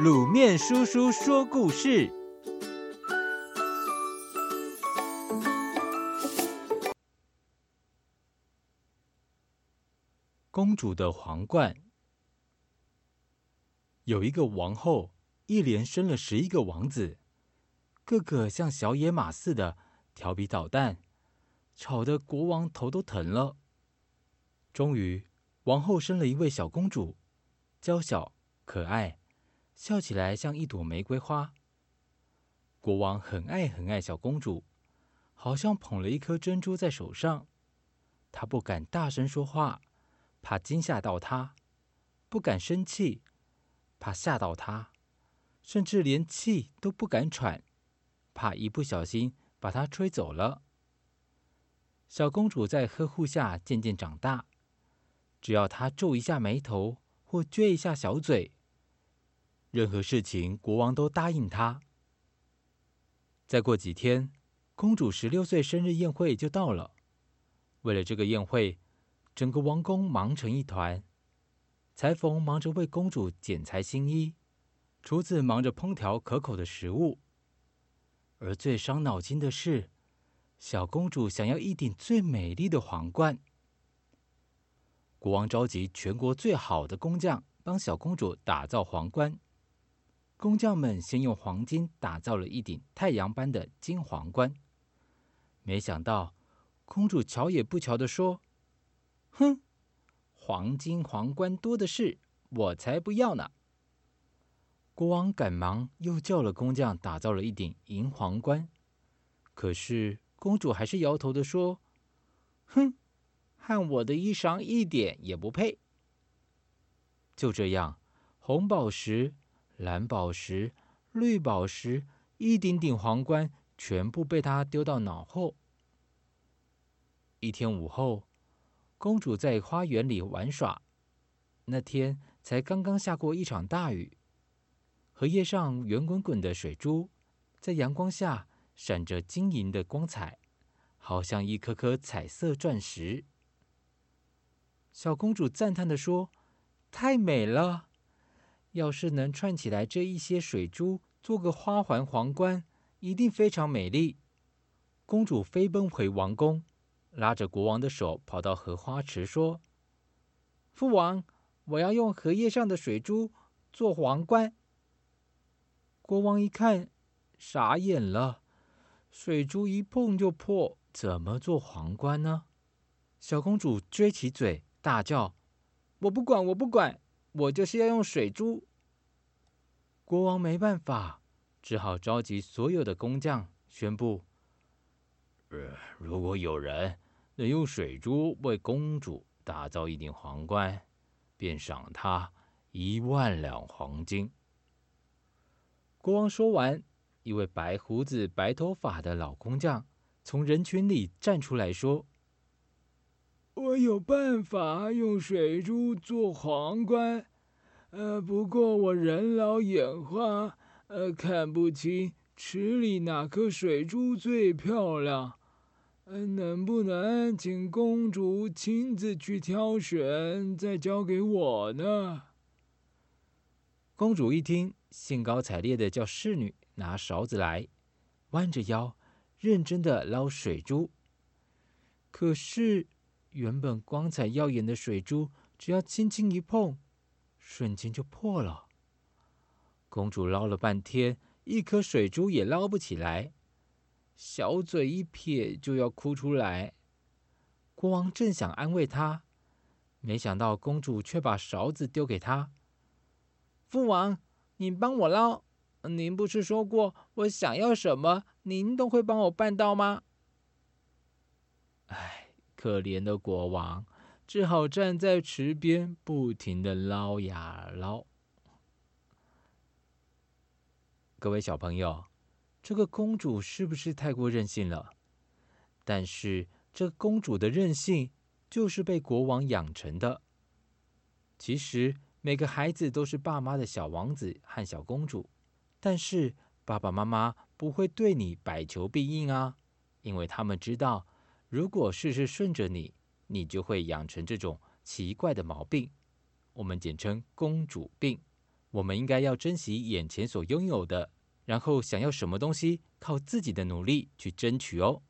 滷麵叔叔說故事：公主的皇冠。有一個王後，一連生了十一個王子，個個像小野馬似的調皮搗蛋，吵得國王頭都疼了。終於，王后生了一位小公主，嬌小可愛。笑起來像一朵玫瑰花。國王很愛很愛小公主，好像捧了一顆珍珠在手上。他不敢大聲說話，怕驚嚇到她；不敢生氣，怕嚇到她；甚至連氣都不敢喘，怕一不小心把她吹走了。小公主在呵護下漸漸長大，只要她皺一下眉頭，或撅一下小嘴。任何事情，國王都答應他。再過幾天，公主十六歲生日宴會就到了。為了這個宴會，整個王宮忙成一團。裁縫忙着為公主剪裁新衣，廚子忙着烹調可口的食物。而最傷腦筋的是，小公主想要一頂最美麗的皇冠。國王召集全國最好的工匠，幫小公主打造皇冠。工匠們先用黃金打造了一頂太陽般的金皇冠，沒想到公主瞧也不瞧的說：“哼，黃金皇冠多的是，我才不要呢。”國王趕忙又叫了工匠打造了一頂銀皇冠，可是公主還是搖頭的說：“哼，和我的衣裳一點也不配。”就這樣，紅寶石。藍寶石、綠寶石、一頂頂皇冠，全部被她丟到腦後。一天午後，公主在花園裡玩耍。那天才剛剛下過一場大雨，荷葉上圓滾滾的水珠，在陽光下閃着晶瑩的光彩，好像一顆顆彩，彩色鑽石。小公主讚嘆地說：“太美了。”要是能串起來這一些水珠，做個花環皇冠，一定非常美麗。公主飛奔回王宮，拉着國王的手跑到荷花池，說：“父王，我要用荷葉上的水珠做皇冠。”國王一看，傻眼了，水珠一碰就破，怎麼做皇冠呢？小公主撅起嘴，大叫：“我不管，我不管！”我就是要用水珠。國王沒辦法，只好召集所有的工匠，宣布，呃，如果有人能用水珠為公主打造一頂皇冠，便賞他一萬兩黃金。國王說完，一位白鬍子、白頭髮的老工匠從人群裡站出來說。我有辦法用水珠做皇冠，呃，不過我人老眼花，呃，看不清池裡哪顆水珠最漂亮。呃，能不能請公主親自去挑選，再交給我呢？公主一聽，興高采烈的叫侍女拿勺子來，彎着腰，認真的撈水珠。可是。原本光彩耀眼的水珠，只要輕輕一碰，瞬間就破了。公主撈了半天，一顆水珠也撈不起來，小嘴一撇就要哭出來。國王正想安慰她，沒想到公主卻把勺子丟給他：“父王，您幫我撈！您不是說過我想要什麼，您都會幫我辦到嗎？”哎。可憐的國王只好站在池邊，不停地撈呀撈。各位小朋友，這個公主是不是太過任性了？但是這公主的任性就是被國王養成的。其實每個孩子都是爸媽的小王子和小公主，但是爸爸媽媽不會對你百求必應啊，因為他們知道。如果事事順着你，你就會養成這種奇怪的毛病，我們簡稱“公主病”。我們應該要珍惜眼前所擁有的，然後想要什麼東西，靠自己的努力去爭取哦。